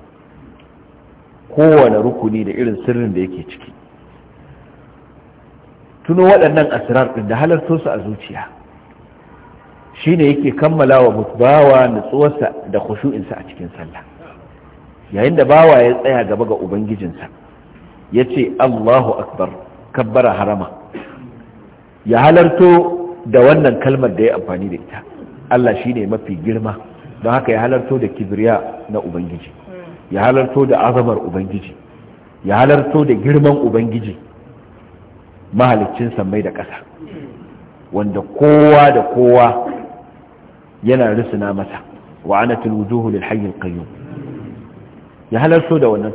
kowane rukuni da irin sirrin da yake ciki tuno waɗannan asirar ɗin da halarto su a zuciya shi ne yake kammala wa bawa nutsuwarsa da kushu'insa a cikin sallah yayin da bawa ya tsaya gaba ga ubangijinsa ya ce allahu akbar kabbara harama ya halarto da wannan kalmar da ya amfani da ita allah shi ne mafi girma don haka ya halarto da kibriya na ubangiji ya halarto da azamar ubangiji ya halarto da girman ubangiji mahalicin sammai da ƙasa wanda kowa da kowa yana risina masa wa anatul wujuhu lil hayyil qayyum ya halarto da wannan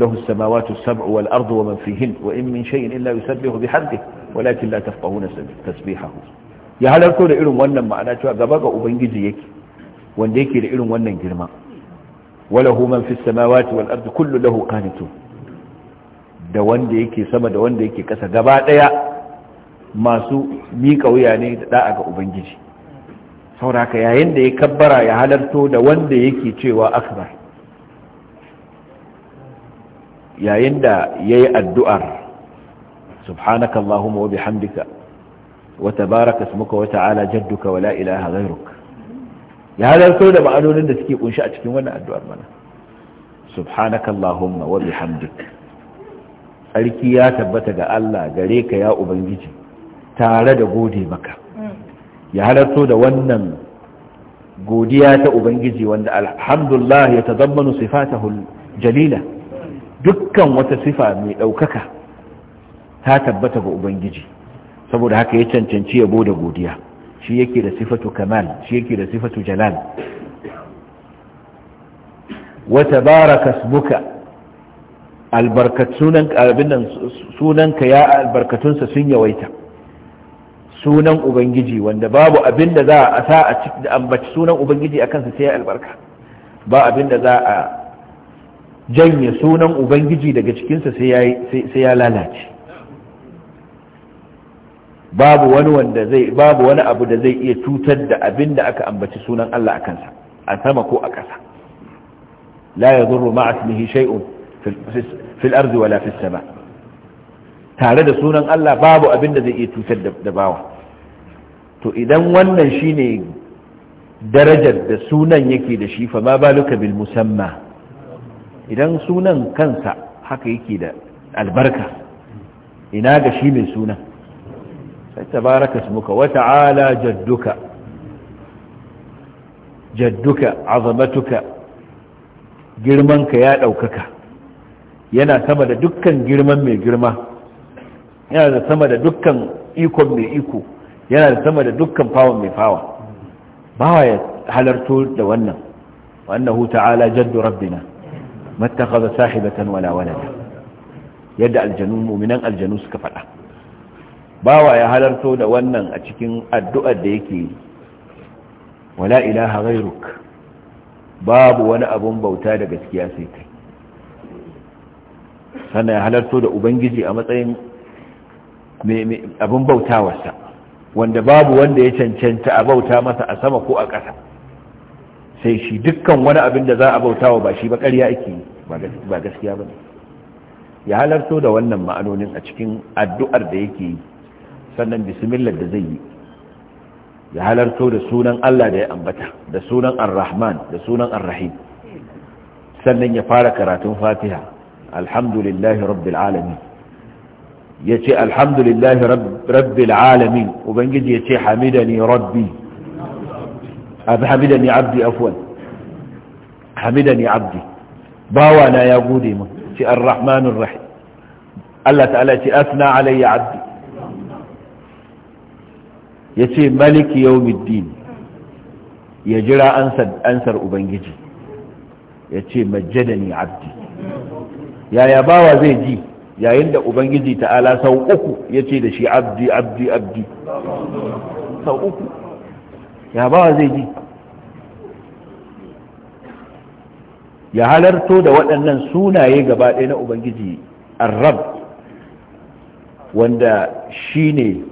lahu samawati sabu wal ardu wa man fihin wa in min shay'in illa yusabbihu walakin la tafqahuna tasbihahu ya halarto da irin wannan ma'ana cewa gaba ga ubangiji yake wanda yake da irin wannan girma Wala man fis samawati wal ardi kullu lahu qanitun da wanda yake sama da wanda yake kasa gaba daya masu mika wuya ne da da'a ga ubangiji sauraka yayin da ya kabbara ya halarto da wanda yake cewa akbar yayin da yayi addu'ar subhanakallahumma wa bihamdika wa tabaraka ismuka wa ta'ala jadduka wa la ilaha ghayruka ya halarto da ma'anonin da suke kunshi a cikin wannan addu'ar mana subhanakallahumma wa bihamdik tsarki ya tabbata ga Allah gare ka ya ubangiji tare da gode maka ya halarto da wannan godiya ta ubangiji wanda alhamdulillah ya tazammanu sifatahu jalila dukkan wata sifa mai daukaka ta tabbata ga ubangiji saboda haka ya cancanci yabo da godiya shi yake da sifatu kamal shi yake da sifatu jalal wa tabaraka ismuka sunan sunanka ya albarkatunsa sun yawaita sunan ubangiji wanda babu abin da za a sa a cikin ambaci sunan ubangiji a kansa sai albarka ba abin da za a janye sunan ubangiji daga cikinsa sai ya lalace babu wani wanda zai babu wani abu da zai iya cutar da abin da aka ambaci sunan Allah a kansa a sama ko a ƙasa la yadurru ma'a ismihi shay'un fil ardi wala fis sama tare da sunan Allah babu abin da zai iya cutar da bawa to idan wannan shine darajar da sunan yake da shi fa ma baluka bil musamma idan sunan kansa haka yake da albarka ina ga shi mai sunan tabaraka ismuka wa ta'ala jadduka jadduka azamatuka girmanka ya ɗaukaka yana sama da dukkan girman mai girma yana da sama da dukkan ikon mai iko yana da sama da dukkan fawon mai fawa bawa ya halarto da wannan wannan ta'ala jaddu rabbina mattakhadha sahibatan wala yadda mu'minan aljanu suka faɗa bawa ya halarto da wannan a cikin addu'ar da yake yi wala ilaha ghairuk babu wani abun bauta da gaskiya sai kai sannan ya halarto da ubangiji a matsayin abun bautawarsa wanda babu wanda ya cancanta a bauta masa a sama ko a ƙasa sai shi dukkan wani abin da za a bautawa ba shi ba ƙarya ake ba gaskiya ba ne ya halarto da wannan ma'anonin a cikin addu'ar da yake yi sannan bismillah da zai yi ya halarto da sunan Allah da ya ambata da sunan ar-rahman da sunan ar-rahim sannan ya fara karatun fatiha alhamdulillahi rabbil alamin ya ce alhamdulillahi rabbil alamin ubangiji ya ce hamidani rabbi hamidani abdi afwan hamidani abdi bawana ya gode min ce ar-rahmanur rahim Allah ta'ala ce asna alayya abdi ya ce maliki yawmiddin ya jira ansar ubangiji ya ce majjadani abdi yaya bawa zai ji yayin da ubangiji ta'ala sau uku ya ce da shi abdi abdi abdi sau uku ya bawa zai ji ya halarto da waɗannan sunaye gaba ɗaya na ubangiji arab wanda shi ne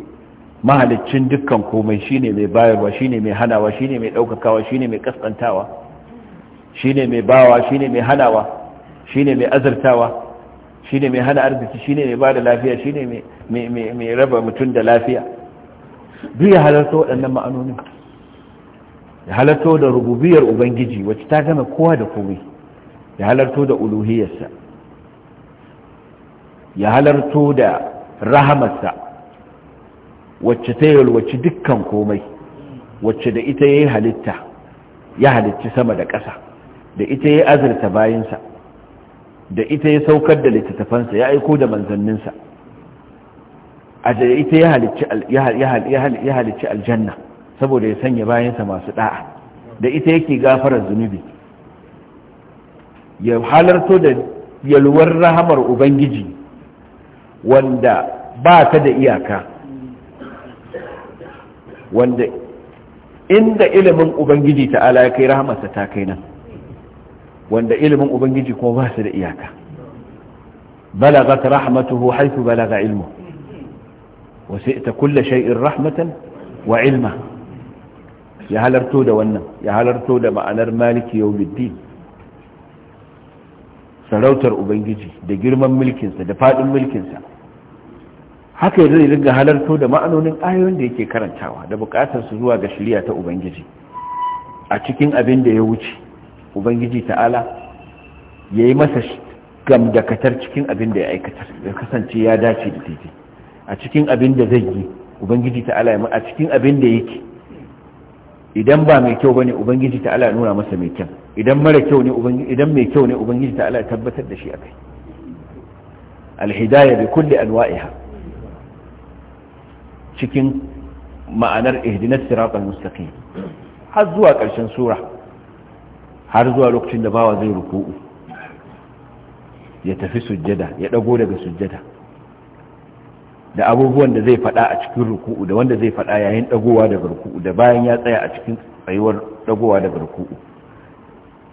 mahalicin dukkan komai shine mai bayarwa shine mai hanawa shine mai daukakawa shine mai kaskantawa shine mai bawa shine mai hanawa shine mai azurtawa shine mai hana arziki shine mai bada lafiya shine mai mai raba mutum da lafiya duk ya halarta waɗannan ma'anonin ya halarta da rububiyar ubangiji wacce ta gama kowa da komai ya halarta da uluhiyarsa ya halarta da rahamarsa wacce ta yalwaci dukkan komai wacce da ita ya halitta ya halicci sama da ƙasa da ita ya azurta bayansa da ita ya saukar da littattafansa ya aiko da manzanninsa a da ita ya halicci aljanna saboda ya sanya bayansa masu da'a da ita yake gafarar zunubi ya halarto da yalwar rahamar ubangiji wanda ba ta da iyaka wanda inda ilimin ubangiji ta'ala ya kai rahamarsa ta kai nan wanda ilimin ubangiji kuma ba su da iyaka balagat rahmatuhu haythu balaga ilmu wasu ita kulla shay'in rahmatan wa ilma ya halarto da wannan ya halarto da ma'anar maliki yawmiddin sarautar ubangiji da girman mulkinsa da fadin mulkinsa haka zai ringa halarto da ma'anonin ayoyin da yake karantawa da bukatar su zuwa ga shirya ta ubangiji a cikin abin da ya wuce ubangiji ta'ala yi masa gamdakatar cikin abin da ya aikatar da kasance ya dace da daidai a cikin abin da zai yi ubangiji ta'ala ya a cikin abin da yake idan ba mai kyau bane ubangiji ta'ala ya nuna masa mai kyau idan mara kyau ne ubangiji idan mai kyau ne ubangiji ta'ala ya tabbatar da shi akai al-hidayah bi kulli anwa'iha cikin ma'anar ihdinas siratal mustaqim har zuwa ƙarshen sura har zuwa lokacin da bawa zai ruku'u ya tafi sujjada ya dago daga sujjada da abubuwan da zai faɗa a cikin ruku'u da wanda zai faɗa yayin dagowa daga ruku'u da bayan ya tsaya a cikin tsayuwar dagowa daga ruku'u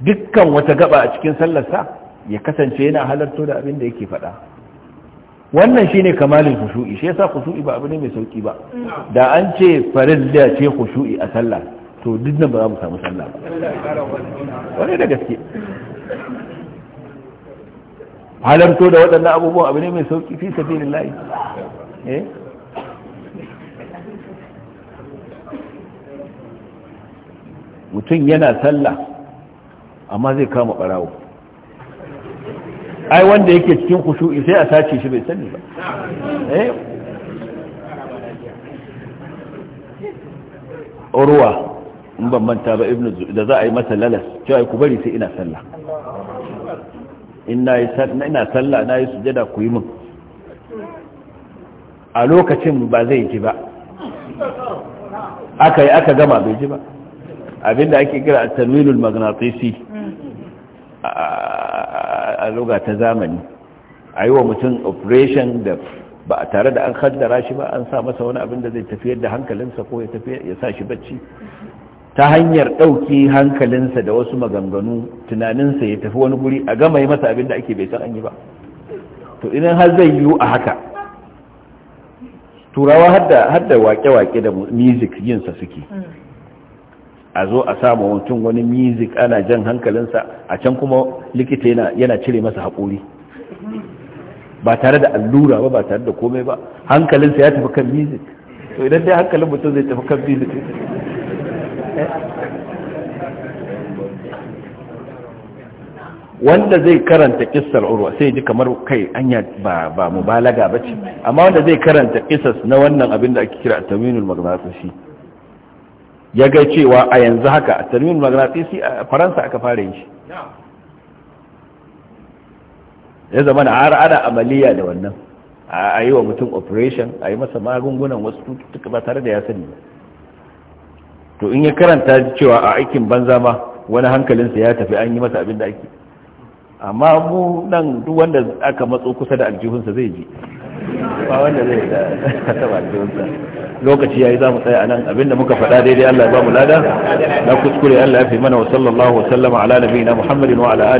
dukkan wata gaba a cikin sallarsa ya kasance yana halarto da abin da yake faɗa. wannan shine kamalin khushu'i shi yasa khushu'i ba abu ne mai sauki ba da an ce farilla ce khushu'i a sallah to duk nan ba za mu samu sallah ba wani da gaske halarto da waɗannan abubuwan abu ne mai sauki fi sabilin layi eh? mutum yana sallah amma zai kama ɓarawo ai wanda yake cikin kushu'i sai a sace shi bai sani ba eh? urwa in ban manta ba ibnu da za a yi masa lalas cewa ku bari sai ina sallah in ina sallah na yi sujada ku yi min a lokacin ba zai ji ba aka yi aka gama bai ji ba abinda ake kira at tanwilul magnatisi a ta zamani a yi wa mutum operation da ba tare da an kaddara shi ba an sa masa wani abin da zai tafiyar da hankalinsa ko ya sa shi bacci ta hanyar ɗauki hankalinsa da wasu maganganu tunaninsa ya tafi wani guri a gama yi masa abin da ake bai san an yi ba to idan har zai yiwu a haka turawa har da wake wake da music yinsa suke hmm. a zo a samu mutum wani music ana jan hankalinsa a can kuma likita yana cire masa haƙuri ba tare da allura ba ba tare da komai ba hankalinsa ya tafi kan music to idan dai hankalin mutum zai tafi kan music wanda zai karanta kissar urwa sai ji kamar kai anya ba ba mubalaga bace amma wanda zai karanta kissas na wannan abin da ake kira taminul maghnatusi ya ga cewa a yanzu haka a tarmin magnatisi a faransa aka fara yin shi ya zama na har ana amaliya da wannan a yi wa mutum operation a yi masa magungunan wasu cututtuka ba tare da ya sani ba to in ya karanta cewa a aikin banza ma wani hankalinsa ya tafi an yi masa abin da ake amma mu nan duk wanda aka matso kusa da aljihunsa zai je. ba wanda zai da taba jinsa lokaci yayi zamu tsaya anan abinda muka faɗa daidai Allah ya ba mu lada na kuskure Allah ya fi mana wa sallallahu wa sallama ala nabiyina Muhammadin wa ala